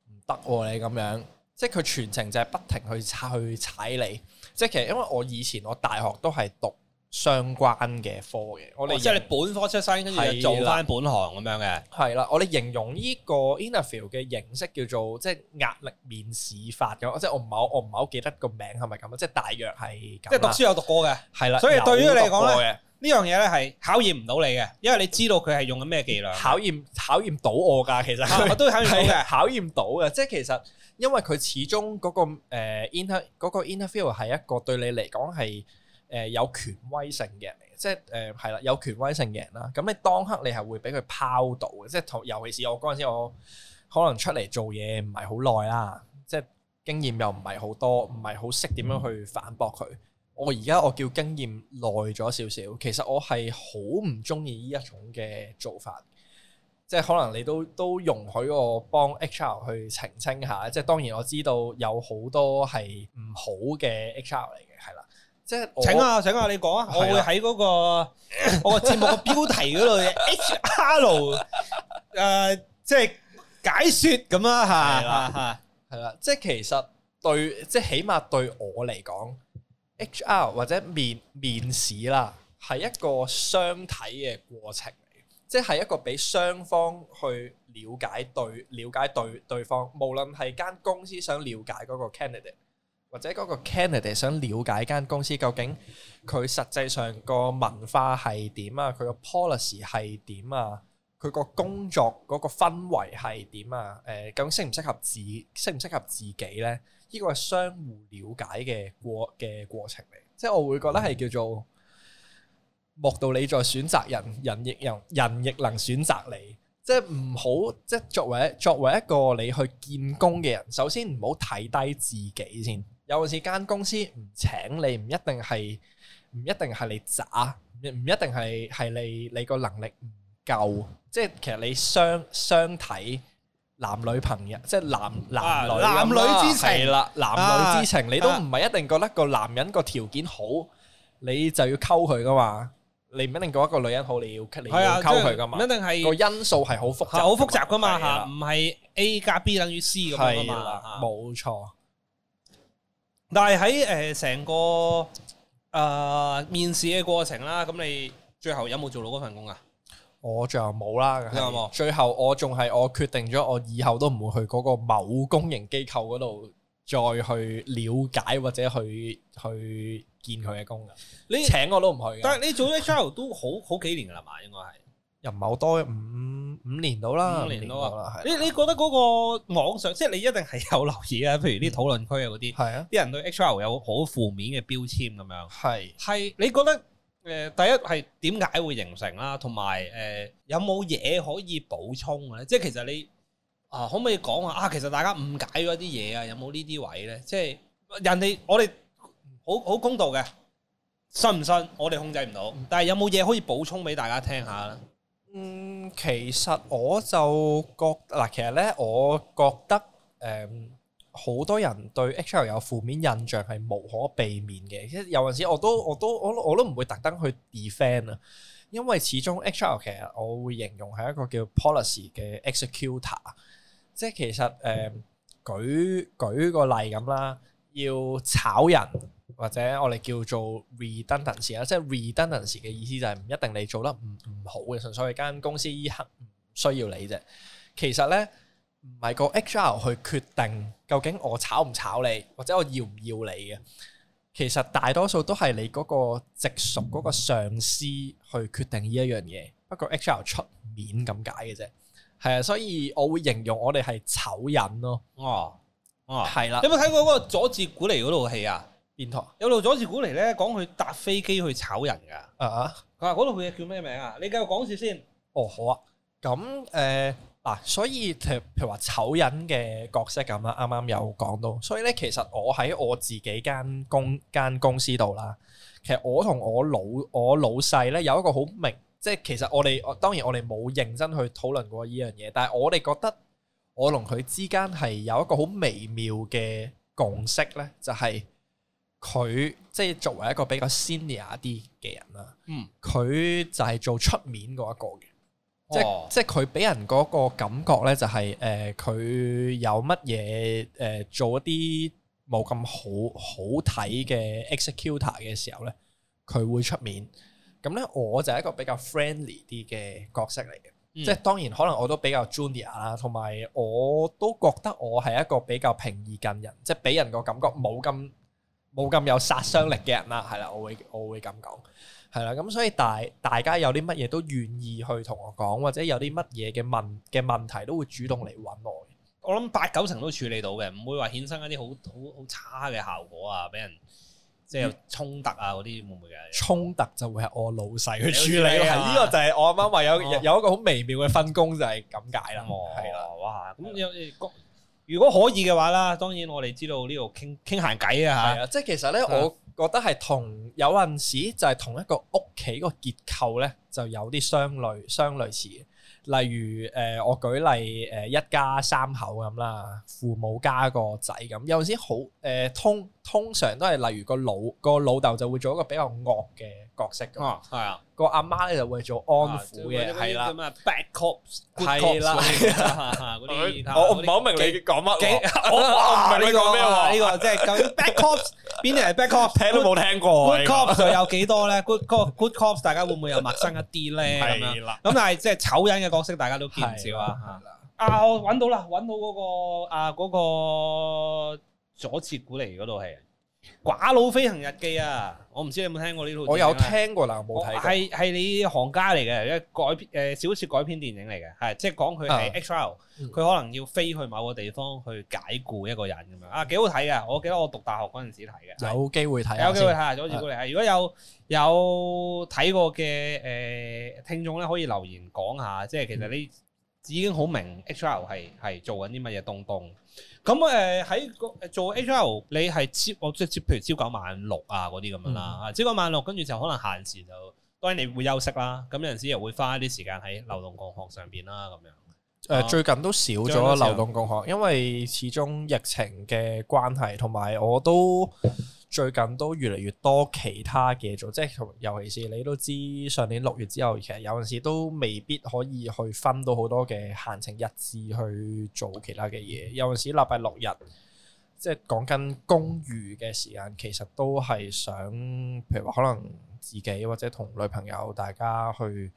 唔得喎！你咁樣即係佢全程就係不停去去踩你。即係其實因為我以前我大學都係讀，相關嘅科嘅，哦，即係你本科出身，跟住做翻本行咁樣嘅，係啦。我哋形容呢個 interview 嘅形式叫做即係壓力面試法咁，即係我唔係好，我唔係好記得個名係咪咁，即係大約係咁。即係讀書有讀過嘅，係啦。所以對於你嚟講咧，呢樣嘢咧係考驗唔到你嘅，因為你知道佢係用緊咩伎倆。考驗考驗到我噶，其實我都考驗到嘅，考驗到嘅。即係其實因為佢始終嗰個誒 int 嗰個 interview 係一個對你嚟講係。誒有權威性嘅人嚟嘅，即係誒係啦，有權威性嘅人啦。咁你當刻你係會俾佢拋到嘅，即係同、呃、尤其是我嗰陣時我，我可能出嚟做嘢唔係好耐啦，即係經驗又唔係好多，唔係好識點樣去反駁佢。嗯、我而家我叫經驗耐咗少少，其實我係好唔中意呢一種嘅做法。即係可能你都都容許我幫 H r 去澄清下，即係當然我知道有多好多係唔好嘅 H r 嚟。即係，請啊，請啊，你講啊，我會喺嗰、那個是的 我、那個節 目嘅標題嗰度，H R，誒，即係、 呃就是、解說咁啦，吓係啦，即係其實對，即係起碼對我嚟講，H R 或者面面試啦，係一個相睇嘅過程嚟，即、就、係、是、一個俾雙方去了解對了解對對方，無論係間公司想了解嗰個 candidate。或者嗰個 candidate 想了解間公司究竟佢實際上個文化係點啊？佢個 policy 係點啊？佢個工作嗰個氛圍係點啊？誒，究竟適唔適合自適唔適合自己咧？呢個係相互了解嘅過嘅過程嚟，即係我會覺得係叫做莫道你在選擇人，人亦人，人亦能選擇你。即係唔好，即係作為作為一個你去見工嘅人，首先唔好睇低自己先。有陣時間公司唔請你，唔一定係唔一定係你渣，唔唔一定係係你你個能力唔夠，即係其實你相相睇男女朋友，即係男男女男女之情啦，男女之情，你都唔係一定覺得個男人個條件好，你就要溝佢噶嘛，你唔一定覺得個女人好，你要你要溝佢噶嘛，一定係個因素係好複雜，好複雜噶嘛吓，唔係 A 加 B 等於 C 咁樣嘛，冇錯。但係喺誒成個誒、呃、面試嘅過程啦，咁你最後有冇做到嗰份工啊？我最後冇啦，有有最後我仲係我決定咗，我以後都唔會去嗰個某公營機構嗰度再去了解或者去去見佢嘅工噶。你請我都唔去。但係你做咗 HR 都好好幾年噶啦嘛，應該係。又唔係好多五五年到啦，五年到啊！對你你覺得嗰個網上即係你一定係有留意啊？譬如啲討論區啊嗰啲，係啊、嗯，啲人對 HR 有好負面嘅標籤咁、嗯、樣，係係是你覺得誒、呃、第一係點解會形成啦？同埋誒有冇嘢、呃、可以補充嘅咧？即係其實你啊，可唔可以講下？啊？其實大家誤解咗啲嘢啊，有冇呢啲位咧？即係人哋我哋好好公道嘅，信唔信我哋控制唔到，但係有冇嘢可以補充俾大家聽下咧？嗯，其實我就覺嗱，其實咧，我覺得誒，好多人對 HR 有負面印象係無可避免嘅。其實有陣時我都我都我我都唔會特登去 defend 啊，因為始終 HR 其實我會形容係一個叫 policy 嘅 executor，即係其實誒、舉舉個例咁啦，要炒人。或者我哋叫做 redundancy 啊，即係 redundancy 嘅意思就係唔一定你做得唔唔好嘅，純粹係間公司依刻唔需要你啫。其實咧唔係個 HR 去決定究竟我炒唔炒你，或者我要唔要你嘅。其實大多數都係你嗰個直屬嗰個上司去決定呢一樣嘢，不過 HR 出面咁解嘅啫。係啊，所以我會形容我哋係醜人咯。哦，哦，係啦的。有冇睇過嗰個佐治古尼嗰套戲啊？邊套有路佐治古嚟咧，講佢搭飛機去炒人噶。啊啊！佢話嗰套嘢叫咩名啊？你繼續講住先。哦，好啊。咁誒，嗱，所以譬如譬如話炒人嘅角色咁啦，啱啱有講到。所以咧，其實我喺我自己間公間公司度啦，其實我同我老我老細咧有一個好明，即係其實我哋當然我哋冇認真去討論過呢樣嘢，但係我哋覺得我同佢之間係有一個好微妙嘅共識咧，就係。佢即係作為一個比較 senior 啲嘅人啦，嗯，佢就係做出面嗰一、嗰個嘅，即係係佢俾人嗰個感覺呢、就係，就係誒佢有乜嘢誒做一啲冇咁好好睇嘅 executor 嘅時候呢，佢會出面。咁呢，我就係一個比較 friendly 啲嘅角色嚟嘅，嗯、即係當然可能我都比較 junior 啦，同埋我都覺得我係一個比較平易近人，即係俾人個感覺冇咁。冇咁有殺傷力嘅人啦，係啦，我會我會咁講，係啦，咁所以大大家有啲乜嘢都願意去同我講，或者有啲乜嘢嘅問嘅問題都會主動嚟揾我。我諗八九成都處理到嘅，唔會話衍生一啲好好好差嘅效果啊，俾人即係有衝突啊嗰啲會唔會嘅？衝突就會係我老細去處理啊。呢個就係我啱啱話有有一個好微妙嘅分工就係咁解啦，係啦，哇！咁有你講。如果可以嘅話啦，當然我哋知道呢度傾傾閒偈啊，係啊，即係其實咧，係啊，我覺得係同有陣時就係同一個屋企個結構咧，就有啲相類相類似嘅，例如誒、呃，我舉例誒、呃，一家三口咁啦，父母加個仔咁，有陣時好誒、呃、通。通常都係，例如個老個老豆就會做一個比較惡嘅角色噶，係啊，個阿媽咧就會做安撫嘅係啦。Bad cops 係啦，嗰啲我唔係好明你講乜，我我唔明你講咩話。呢個即係究竟，bad cops 邊啲係 bad cops？聽都冇聽過。Good cops 又有幾多咧？Good cops，Good cops，大家會唔會又陌生一啲咧？係啦。咁但係即係醜人嘅角色，大家都見唔少啊。吓啊！揾到啦，揾到嗰個啊，嗰個。佐治古尼嗰套戲，《寡佬飛行日記》啊，我唔知你有冇聽過呢套，啊。我有聽過啦，冇睇。係係你行家嚟嘅，改誒、呃、小說改編電影嚟嘅，係即係講佢係 H R，佢、嗯、可能要飛去某個地方去解雇一個人咁樣啊，幾好睇嘅。我記得我讀大學嗰陣時睇嘅。有機會睇，有機會睇。佐治古尼，係，如果有有睇過嘅誒、呃、聽眾咧，可以留言講下，即、就、係、是、其實你已經好明 H R 係係做緊啲乜嘢東東。咁誒喺做 HR 你係朝我即係朝，譬如，如朝九晚六啊嗰啲咁樣啦，嗯、朝九晚六跟住就可能閒時就當然你會休息啦，咁有陣時又會花啲時間喺流動教學上邊啦咁樣。誒、呃、最近都少咗流動教學，啊、因為始終疫情嘅關係，同埋我都。最近都越嚟越多其他嘅做，即係尤其是你都知上年六月之後，其實有陣時都未必可以去分到好多嘅閒情逸致去做其他嘅嘢。有陣時禮拜六日，即係講緊公餘嘅時間，其實都係想，譬如話可能自己或者同女朋友大家去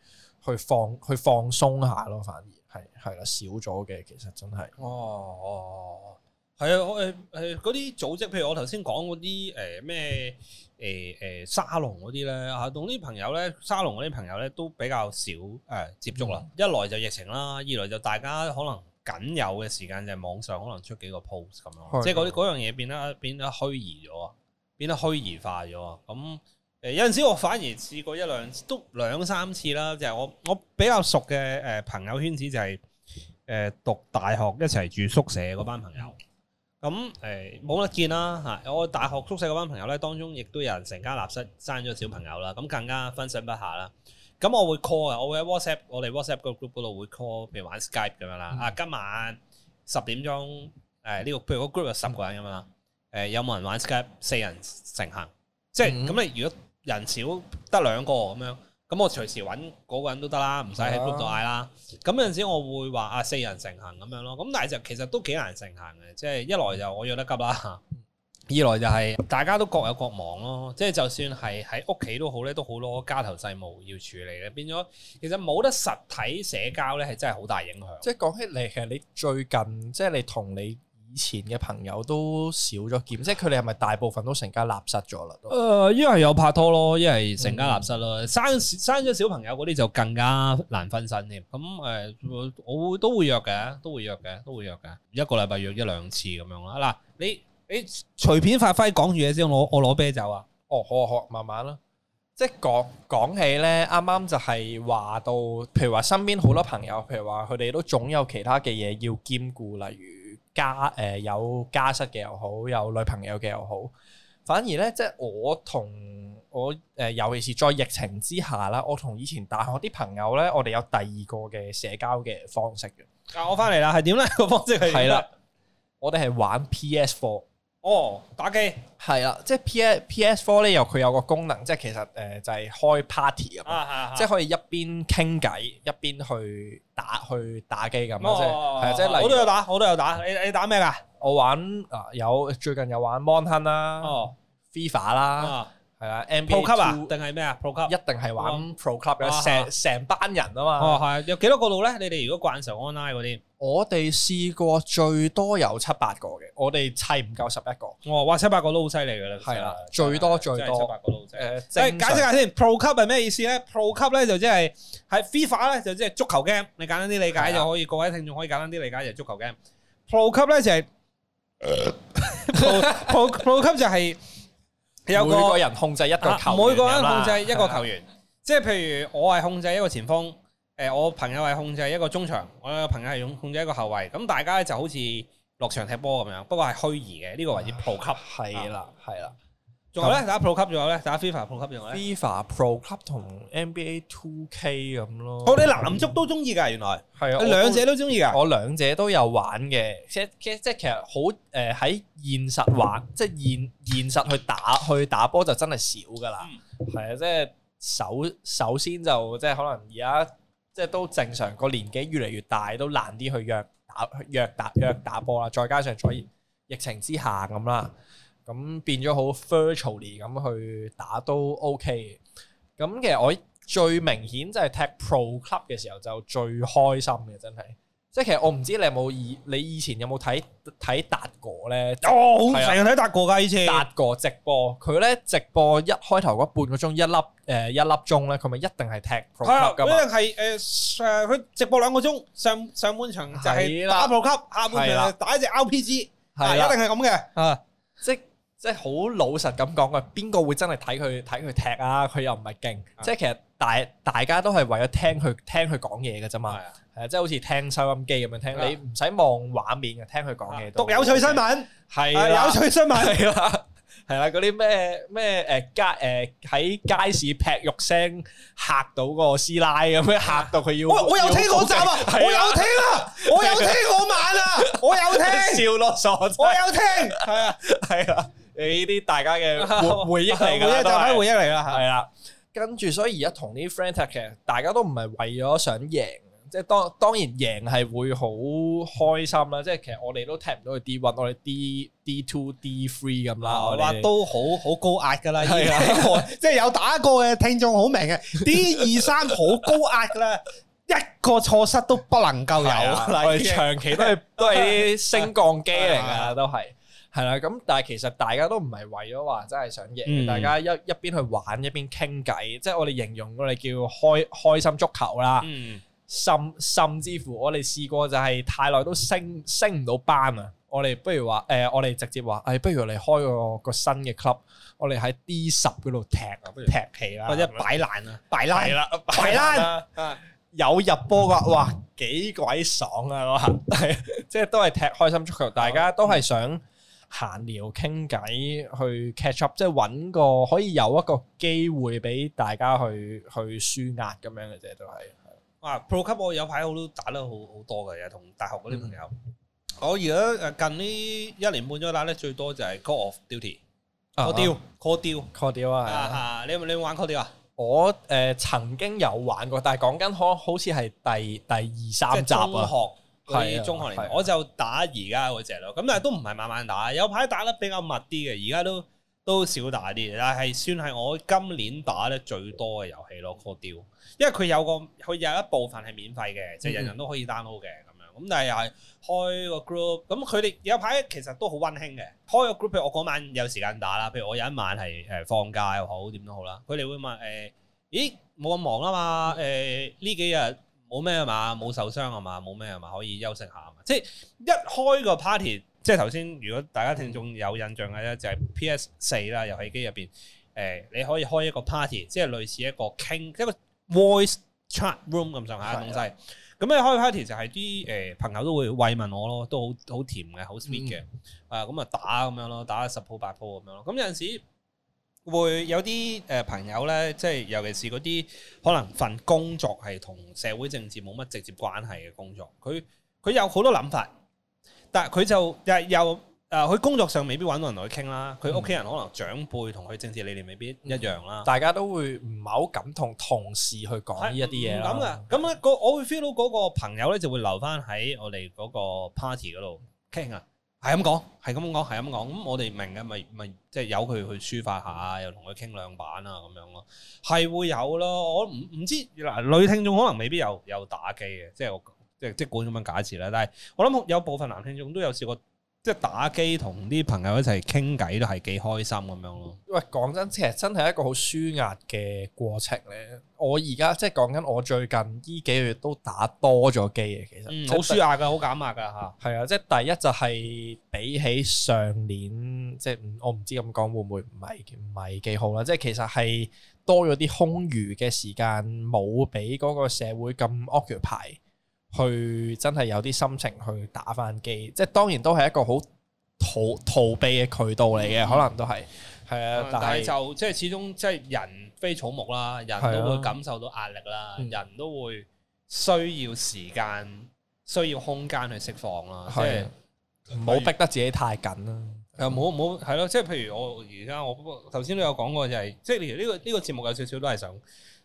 去放去放鬆下咯。反而係係啦，少咗嘅其實真係。哦哦。係啊，我誒誒嗰啲組織，譬如我頭先講嗰啲誒咩誒誒沙龍嗰啲咧，啊同啲朋友咧，沙龍嗰啲朋友咧都比較少誒接觸啦。嗯、一來就疫情啦，二來就大家可能僅有嘅時間就係、是、網上可能出幾個 post 咁樣，的即係嗰啲嗰樣嘢變得變得虛擬咗，變得虛擬化咗。咁誒有陣時我反而試過一兩次都兩三次啦，就係、是、我我比較熟嘅誒朋友圈子就係、是、誒讀大學一齊住宿舍嗰班朋友。嗯咁誒冇得見啦嚇！我大學宿舍嗰班朋友咧，當中亦都有人成家立室，生咗小朋友啦，咁更加分身不下啦。咁我會 call 嘅，我會喺 WhatsApp，我哋 WhatsApp 個 group 嗰度會 call，譬如玩 Skype 咁樣啦。嗯、啊，今晚十點鐘誒呢個，譬如個 group 有十個人咁樣啦。誒、嗯、有冇人玩 Skype？四人成行，即係咁。你、嗯嗯、如果人少得兩個咁樣。咁我隨時揾嗰個人都得啦，唔使喺 group 度嗌啦。咁的有陣時我會話啊，四人成行咁樣咯。咁但係就其實都幾難成行嘅，即係一來就我約得急啦，二來就係大家都各有各忙咯。即係就算係喺屋企都好咧，都好多家頭細務要處理咧，變咗其實冇得實體社交咧，係真係好大影響。即係講起嚟，其實你最近即係你同你。.以前嘅朋友都少咗見，即係佢哋係咪大部分都成家立室咗啦？誒、呃，因為有拍拖咯，因為成家立室咯，嗯、生生咗小朋友嗰啲就更加難分身添。咁誒、嗯呃，我會都會約嘅，都會約嘅，都會約嘅，一個禮拜約一兩次咁樣啦。嗱、啊，你你隨便發揮講住嘢先，我我攞啤酒啊？哦，好啊好，好慢慢啦、啊。即係講講起咧，啱啱就係話到，譬如話身邊好多朋友，譬如話佢哋都總有其他嘅嘢要兼顧，例如。家誒、呃、有家室嘅又好，有女朋友嘅又好，反而咧，即係我同我誒、呃，尤其是在疫情之下啦，我同以前大學啲朋友咧，我哋有第二個嘅社交嘅方式嘅。但、啊、我翻嚟啦，係點咧？個方式係？係啦，我哋係玩 PS Four。哦，oh，打機係啊，即係 P S P S Four 咧，又佢有個功能，即係其實誒就係開 party 咁，啊啊、即係可以一邊傾偈一邊去打去打機咁，即係係即係例如我都有打，我都有打，你你打咩㗎？我玩啊，有最近有玩 Monhun，啊《Monhun》啦，哦、啊，《FIFA》啦。係啊 p r 啊，定係咩啊？pro 一定係玩 pro club，成成、啊、班人啊嘛。哦、啊，係有幾多個路咧？你哋如果慣常 online 嗰啲，我哋試過最多有七八個嘅，我哋砌唔夠十一個。哇、哦，哇，七八個都好犀利噶啦。係啦對，的最多最多。七八個都。誒，即係解釋下先，pro club 係咩意思咧？pro club 咧就即係喺 FIFA 咧就即、是、係足球 game。你簡單啲理解、啊、就可以，各位聽眾可以簡單啲理解就是、足球 game。pro club 咧就係、是、p pro pro, pro, pro club 就係、是。有個人控制一個球，啊，每個人控制一個球員，即係的譬如我係控制一個前鋒，誒的、呃，我朋友係控制一個中場，我個朋友係控控制一個後衛，咁大家就好似落場踢波咁樣，不過係虛擬嘅呢個位置 Pro Club，係啦，係啦。仲有咧打 Pro Club，仲有咧打 Pro 有呢 FIFA Pro Club，仲有咧。FIFA Pro Club 同 NBA Two K 咁咯。我哋男足都中意噶，原來係啊，嗯、係兩者都中意噶。我兩者都有玩嘅，其實其實即係其實好誒，喺、呃、現實玩即係現現實去打去打波就真係少噶啦。係啊、嗯，即係首首先就即係可能而家即係都正常個年紀越嚟越大都難啲去約打約，約，約打約打波啦，再加上再疫情之下咁啦。咁變咗好 virtual 啲咁去打都 OK 嘅。咁其實我最明顯就係踢 pro club 嘅時候就最開心嘅，真係。即係其實我唔知你有冇以你以前有冇睇睇達哥咧？哦，成日睇達哥㗎以前。達哥直播佢咧直播一開頭嗰半個鐘一粒誒一粒鐘咧，佢咪一定係踢 pro club 㗎嘛？一定係誒誒佢直播兩個鐘上上半場就係打 pro club，下半場打一隻 RPG，係一定係咁嘅，即。即係好老實咁講嘅，邊個會真係睇佢睇佢踢啊？佢又唔係勁，即係其實大大家都係為咗聽佢聽佢講嘢㗎啫嘛。係啊，即係好似聽收音機咁樣聽，你唔使望畫面嘅，聽佢講嘢。讀有趣新聞係啊，有趣新聞係啊。係啦，嗰啲咩咩誒街誒喺街市劈肉聲嚇到個師奶咁樣嚇到佢要。我我有聽嗰集啊，我有聽啊，我有聽我晚啊，我有聽。笑囉嗦，我有聽。係啊，係啊。你呢啲大家嘅回回憶嚟嘅，就係回憶嚟啦，係啦。跟住，所以而家同啲 friend 踢嘅，大家都唔係為咗想贏，即係當當然贏係會好開心啦。即係其實我哋都踢唔到佢 D one，我哋 D D two D three 咁啦。我話，都好好高壓噶啦，呢個即係有打過嘅聽眾好明嘅 D 二三好高壓噶啦，一個錯失都不能夠有。我哋長期都係都係升降機嚟噶，都係。係啦，咁但係其實大家都唔係為咗話真係想贏，嗯、大家一一邊去玩一邊傾偈，即係我哋形容我哋叫開開心足球啦。嗯、甚甚至乎我哋試過就係太耐都升升唔到班啊！我哋不如話誒、呃，我哋直接話誒、哎，不如我哋開個個新嘅 club，我哋喺 D 十嗰度踢啊，踢球啦，如或者擺爛啊，麼擺爛啦，擺爛啊！有入波嘅哇，幾鬼爽，爽啊！哇， 即係都係踢開心足球，大家都係想。閒聊傾偈去 catch up，即係揾個可以有一個機會俾大家去去舒壓咁樣嘅啫，都係。啊，Pro 級我有排好都打得好好多嘅嘢，同大學嗰啲朋友。我而家近呢一年半咗打得最多就係 Call of Duty，call 掉，call 掉，call 掉啊！嚇你有冇你有冇玩 call 啊？我誒曾經有玩過，但係講緊好好似係第第二三集啊。嗰啲中學年，的我就打而家嗰隻咯，咁的但係都唔係晚晚打，有排打得比較密啲嘅，而家都都少打啲，但係算係我今年打得最多嘅遊戲咯。CoD 因為佢有個佢有一部分係免費嘅，即係人人都可以 download 嘅咁樣，咁、嗯、但係又係開個 group，咁佢哋有排其實都好溫馨嘅。開個 group 譬如我嗰晚有時間打啦，譬如我有一晚係誒放假又好點都好啦，佢哋會問誒、欸，咦冇咁忙啊嘛，誒、欸、呢幾日？冇咩啊嘛，冇受傷啊嘛，冇咩啊嘛，可以休息下啊嘛。即係一開個 party，即係頭先，如果大家聽眾有印象嘅咧，嗯、就係 PS 四啦，遊戲機入邊，誒，你可以開一個 party，即係類似一個傾一個 voice chat room 咁上下嘅東西。咁、嗯、一開 party 就係啲誒朋友都會慰問我咯，都好好甜嘅，好 sweet 嘅。嗯、啊，咁啊打咁樣咯，打十鋪八鋪咁樣咯。咁有陣時。會有啲誒朋友咧，即係尤其是嗰啲可能份工作係同社會政治冇乜直接關係嘅工作，佢佢有好多諗法，但係佢就又誒，佢、呃、工作上未必揾到人同佢傾啦。佢屋企人可能長輩同佢政治理念未必一樣啦，嗯、大家都會唔係好敢同同事去講呢一啲嘢咁嘅咁咧，嗯、個我會 feel 到嗰個朋友咧就會留翻喺我哋嗰個 party 嗰度傾啊。係咁講，係咁講，係咁講。咁、嗯、我哋明嘅，咪咪，即係由佢去抒發一下，又同佢傾兩板啊，咁樣咯，係會有咯。我唔唔知嗱、呃，女聽眾可能未必有有打機嘅，即係即管咁樣假設。但係我諗有部分男聽眾都有試過。即係打機同啲朋友一齊傾偈都係幾開心咁樣咯。喂，講真，其實真係一個好舒壓嘅過程咧。我而家即係講緊我最近呢幾個月都打多咗機嘅，其實、嗯即係、好舒壓噶，好減壓噶吓。係啊，即係第一就係比起上年，即係我唔知咁講會唔會唔係唔係幾好啦。即係其實係多咗啲空餘嘅時間，冇俾嗰個社會咁 occupy。去真係有啲心情去打翻機，即係當然都係一個好逃逃避嘅渠道嚟嘅，可能都係，係啊，但係就即係始終即係人非草木啦，人都會感受到壓力啦，人都會需要時間、需要空間去釋放啦，即係唔好逼得自己太緊啦，誒，唔好唔好係咯，即係譬如我而家我，不過頭先都有講過，就係即係譬如呢個呢個節目有少少都係想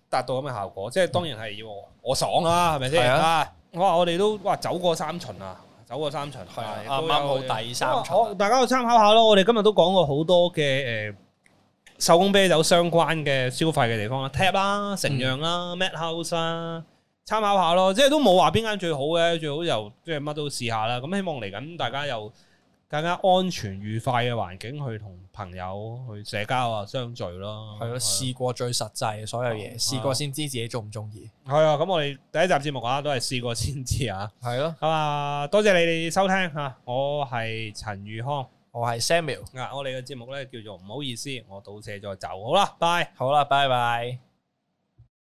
達到咁嘅效果，即係當然係要我爽啦，係咪先啊？我話我哋都哇走過三巡啊，走過三巡，係的啊都有第三巡大家參考下咯，我哋今日都講過好多嘅誒，手、呃、工啤酒相關嘅消費嘅地方啦 tap 啦、成釀啦、嗯、Madhouse 啦、啊，參考下咯，即係都冇話邊間最好嘅，最好又即係乜都試下啦。咁希望嚟緊大家又。更加安全愉快嘅環境去同朋友去社交啊，相聚咯，係咯的，的試過最實際嘅所有嘢，哦、試過先知自己中唔中意。係啊，咁我哋第一集節目啊都係試過先知啊。係咯的，咁啊，多謝你哋收聽吓，我係陳宇康，我係 Samuel，嗱、啊，我哋嘅節目咧叫做唔好意思，我倒瀉再走，好，好啦，bye，好啦，bye bye。